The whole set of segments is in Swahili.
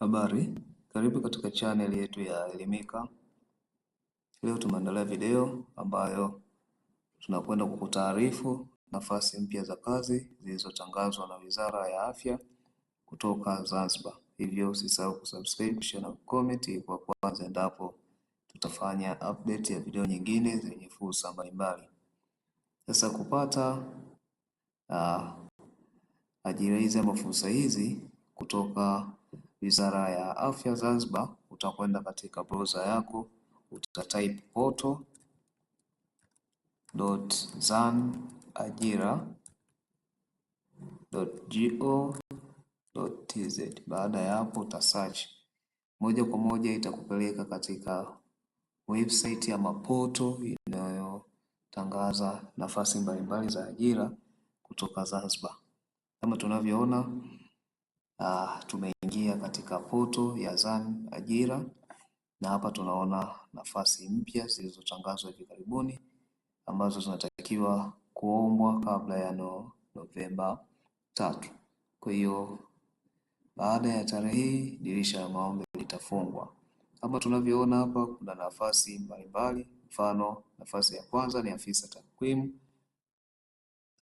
Habari, karibu katika channel yetu ya Elimika. Leo tumeandalia video ambayo tunakwenda kukutaarifu nafasi mpya za kazi zilizotangazwa na Wizara ya Afya kutoka Zanzibar. Hivyo usisahau kusubscribe, share na comment kwa kwanza, endapo tutafanya update ya video nyingine zenye fursa mbalimbali. Sasa kupata uh, ajira hizi ama fursa hizi kutoka Wizara ya Afya Zanzibar, utakwenda katika browser yako, utatype portal.zanajira.go.tz. Baada ya hapo, uta search moja kwa moja, itakupeleka katika website ya mapoto inayotangaza nafasi mbalimbali za ajira kutoka Zanzibar. Kama tunavyoona Uh, tumeingia katika poto ya Zan Ajira na hapa tunaona nafasi mpya zilizotangazwa hivi karibuni ambazo zinatakiwa kuombwa kabla ya no, Novemba tatu. Kwa hiyo baada ya tarehe hii dirisha la maombi litafungwa. Kama tunavyoona hapa, kuna nafasi mbalimbali. Mfano, nafasi ya kwanza ni afisa takwimu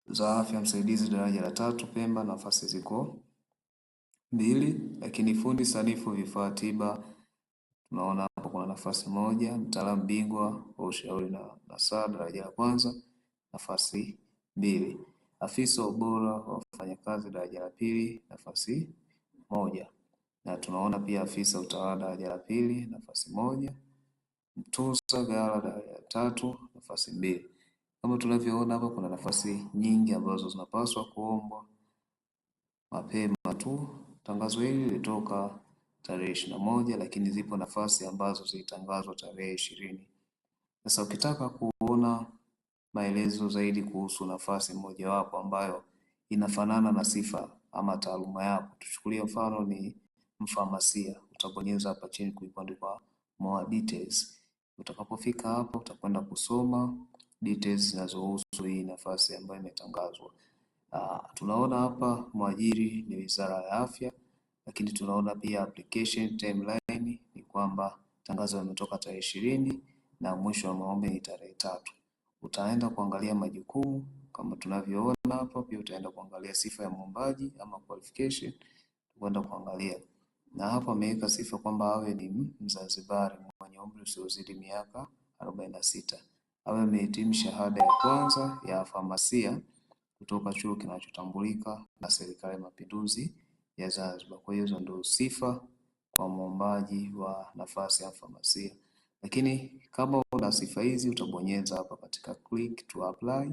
za afya msaidizi daraja la tatu Pemba, nafasi ziko mbili, lakini fundi sanifu vifaa tiba, tunaona hapo kuna nafasi moja, mtaalamu bingwa wa ushauri na nasaha daraja la kwanza, nafasi mbili, afisa ubora wa wafanyakazi daraja la pili, nafasi moja, na tunaona pia afisa utawala daraja la pili, nafasi moja, mtunza ghala daraja la tatu, nafasi mbili. Kama tunavyoona hapa, kuna nafasi nyingi ambazo zinapaswa kuombwa mapema tu. Tangazo hili lilitoka tarehe ishirini na moja lakini zipo nafasi ambazo zilitangazwa tarehe ishirini. Sasa ukitaka kuona maelezo zaidi kuhusu nafasi mojawapo ambayo inafanana na sifa ama taaluma yako, tuchukulie mfano ni mfamasia, utabonyeza hapa chini kuipandikwa more details. Utakapofika hapo utakwenda kusoma details zinazohusu hii nafasi ambayo imetangazwa. Uh, tunaona hapa mwajiri ni Wizara ya Afya, lakini tunaona pia application timeline ni kwamba tangazo limetoka tarehe ishirini na mwisho wa maombi ni tarehe tatu. Utaenda kuangalia majukumu kama tunavyoona hapa, pia utaenda kuangalia sifa ya mwombaji ama qualification, utaenda kuangalia na hapa ameweka sifa kwamba awe ni Mzanzibari mwenye umri usiozidi miaka arobaini na sita awe amehitimu shahada ya kwanza ya famasia kutoka chuo kinachotambulika na serikali ya mapinduzi ya Zanzibar. Kwa hiyo hizo ndio sifa kwa muombaji wa nafasi ya famasia Lakini kama una sifa hizi utabonyeza hapa katika click to apply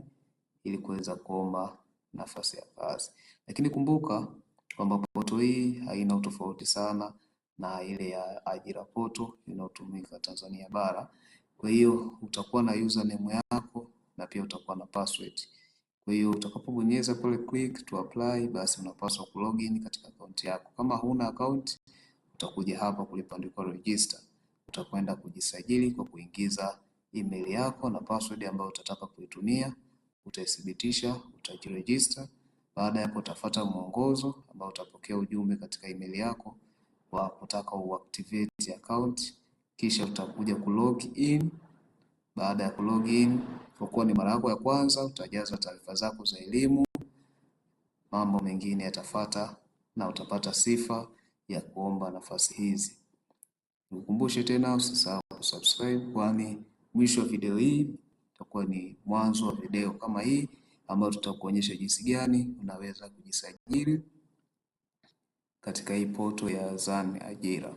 ili kuweza kuomba nafasi ya kazi. Lakini kumbuka kwamba poto hii haina utofauti sana na ile ya ajira poto inayotumika Tanzania bara. Kwa hiyo utakuwa na username yako na pia utakuwa na password. Kwa hiyo utakapobonyeza pale click to apply, basi unapaswa kulogin katika akaunti yako. Kama huna akaunti, utakuja hapa kulipoandikwa register, utakwenda kujisajili kwa kuingiza email yako na password ambayo utataka kuitumia, utaithibitisha, utajiregister. Baada ya hapo, utafuata mwongozo ambao utapokea ujumbe katika email yako wa kutaka uactivate account, kisha utakuja kulog in. Baada ya kulogin, kwa kuwa ni mara yako ya kwanza, utajaza taarifa zako za elimu, mambo mengine yatafata na utapata sifa ya kuomba nafasi hizi. Nikukumbushe tena usisahau kusubscribe, kwani mwisho wa video hii itakuwa ni mwanzo wa video kama hii ambayo tutakuonyesha jinsi gani unaweza kujisajili katika hii poto ya Zan Ajira.